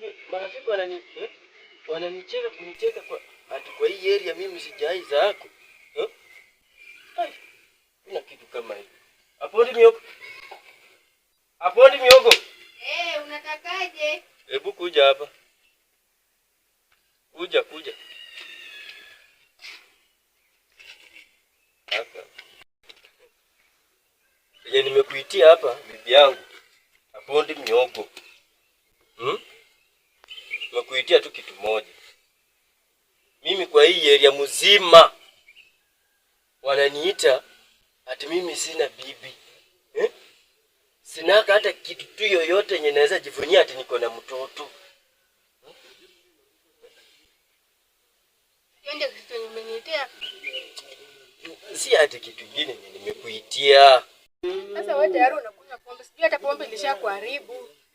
hivi marafiki wanani eh? wananicheka kunicheka kwa ati kwa hii area mimi sijai zako eh? na kitu kama hivi. Apondi miogo, apondi miogo. Eh, hey, unatakaje? Hebu kuja hapa, kuja kuja hapa. Nimekuitia hapa bibi yangu, apondi miogo hmm? Nimekuitia tu kitu moja, mimi kwa hii area mzima wananiita ati mimi sina bibi eh? Sinaka hata kitu tu yoyote yenye naweza jivunia ati niko na mtoto si ati kitu ingine nimekuitia. Sasa wewe tayari unakunywa pombe, sijui hata pombe ilishakuharibu.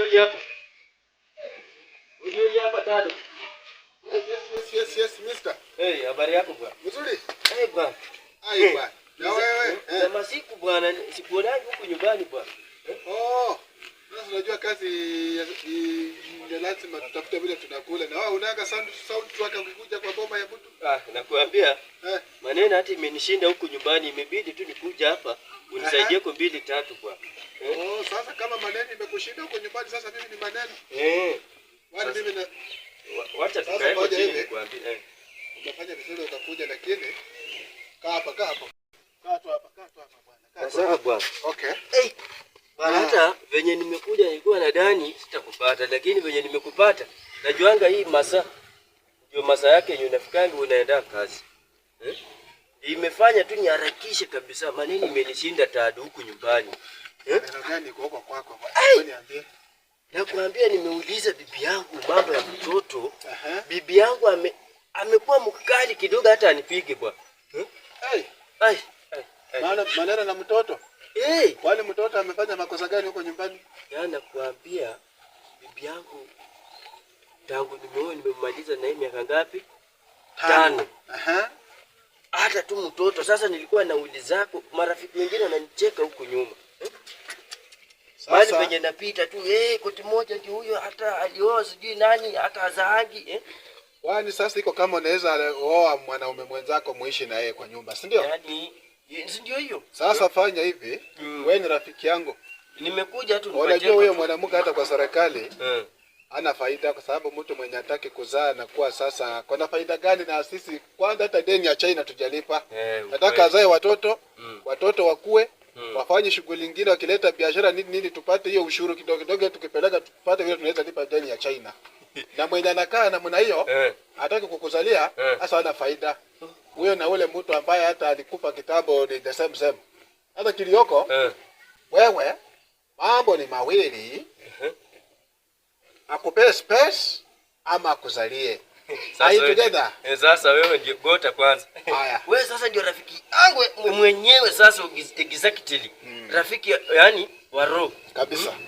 Ujiuji hapa. Ujiuji hapa tado. Yes, yes, yes, yes, mister. Hey, habari yako bwana? Mzuri. Hey bwana. Hai bwana. Na wewe? Za masiku bwana, sikuonani huku nyumbani bwana. Oh tunajua kazi ni lazima tutafute vile tunakula. Na wao unaanga sound sound truck ukikuja kwa boma ya mtu. Ah, nakuambia. Eh. Maneno hata imenishinda huku nyumbani, imebidi tu nikuja hapa unisaidie kwa mbili tatu kwa. Eh. Oh, sasa kama maneno imekushinda huko nyumbani sasa mimi ni maneno. Eh. Wani mimi na wacha tukae kwa chini kuambia. Eh. Unafanya vizuri utakuja lakini kaa hapa kaa hapa. Kaa tu hapa kaa tu hapa bwana. Kaa. Sawa bwana. Okay. Hey. Maana ah. hata venye nimekuja nilikuwa nadhani sitakupata, lakini venye nimekupata najuanga hii masa ndio masa yake yenye unafikanga unaenda kazi eh? Imefanya tu niharakishe kabisa, maneno imenishinda tadu huku nyumbani eh? Nakwambia, nimeuliza bibi yangu mambo ya mtoto uh -huh. Bibi yangu ame, amekuwa mkali kidogo, hata anipige bwana hmm? eh? Maneno na mtoto Hey, kwani mtoto amefanya makosa gani huko nyumbani? Yaani nakuambia bibi yangu tangu nimeoa nimemaliza na yeye miaka ngapi? Tano. Aha. Hata tu mtoto sasa nilikuwa na uli zako marafiki wengine wananicheka huko nyuma. Hmm? Eh? Mali penye napita tu eh, koti moja ndio huyo hata alioa sijui nani hata azaangi eh. Kwani sasa iko kama unaweza oa mwanaume mwenzako muishi na yeye kwa nyumba, si ndio? Yaani ndio hiyo? Sasa fanya hivi, mm. Wewe ni rafiki yangu. Nimekuja tu nipatie. Unajua huyo mwanamke hata kwa serikali mm. Eh. ana faida kwa sababu mtu mwenye hataki kuzaa na kuwa sasa kuna faida gani na sisi kwanza hata deni ya China tujalipa. Eh, nataka azae watoto, mm. watoto wakue, mm. wafanye shughuli nyingine wakileta biashara nini nini tupate hiyo ushuru kidogo kidogo tukipeleka tupate vile tunaweza lipa deni ya China. na mwenye anakaa namna hiyo, eh. hataki kukuzalia, eh. sasa eh. ana faida. Mm huyo na ule mtu ambaye hata alikupa kitabu ni the same same. Hata Kilioko eh, wewe mambo ni mawili eh, akupee space ama akuzalie Sasa together. Eh, sasa wewe ndio gota kwanza. Haya. Wewe sasa ndio rafiki yangu mwenyewe sasa exactly. Hmm. Rafiki yani wa roho kabisa. Hmm.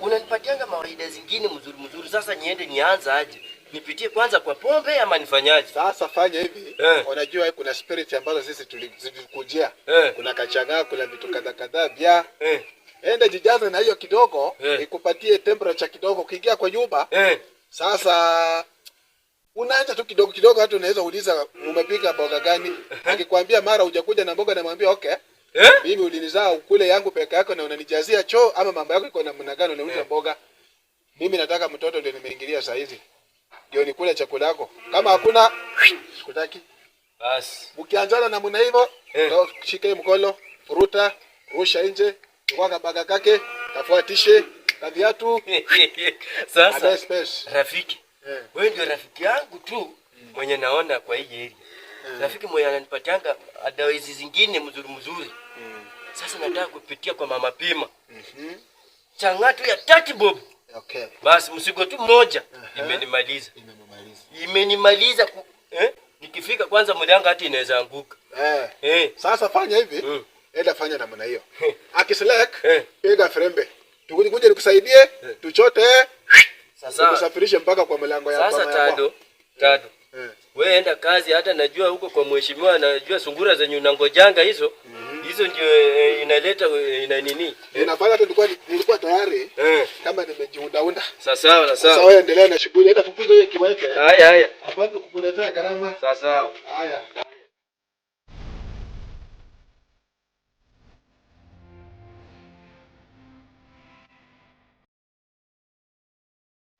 Una mawaida zingine mzuri mzuri. Sasa niende nianza aje? nipitie kwanza kwa pombe ama nifanyaje? Sasa fanya hivi eh. Unajua kuna spirit ambazo sisi tulikujia eh. Kuna kachanga, kuna vitu kadha kadhaa bia eh. Enda jijaze na hiyo kidogo eh. Ikupatie temperature kidogo, ukiingia kwa nyumba eh. Sasa unaanza tu kidogo kidogo, hata unaweza uliza umepika mboga gani? Eh. Akikwambia mara hujakuja na mboga, namwambia okay eh? Mimi ulinizaa ukule yangu peke yako na unanijazia choo ama mambo yako iko namna gani? Unauliza eh. mboga mimi nataka mtoto ndio nimeingilia saa hizi ndio nikule chakula yako. Kama hakuna sikutaki. Basi. ukianzana na mna hivyo, eh. hey. Shika mkolo, ruta, rusha nje, chukua kabaga kake, tafuatishe na viatu Sasa rafiki. eh. Wewe ndio rafiki yangu tu mm. mwenye naona kwa hii area. Eh. Mm. Rafiki mwenye ananipatianga hizi zingine mzuri mzuri. Mm. Sasa nataka kupitia kwa mama Pima. Mhm. Mm Changatu ya tati basi msigo tu mmoja Imenimaliza, imenimaliza eh? Nikifika kwanza mlanga hata inaweza anguka eh. Eh. Sasa fanya hivi mm. Eda fanya namna hiyo eh. akislek eh. Piga frembe tukuje kuje nikusaidie eh. Tuchote sasa kusafirishe mpaka kwa mlango ya sasa tado eh. tado eh. Wewe enda kazi, hata najua huko kwa mheshimiwa, najua sungura zenye unangojanga hizo mm hizo ndio eh, inaleta eh, ina nini, eh? inafanya hata nilikuwa nilikuwa tayari eh, kama nimejiundaunda. Sasa sawa na sawa sawa, endelea na shughuli, hata fukuzo hiyo kiweke. Haya haya, hapana kukuletea gharama. Sasa haya.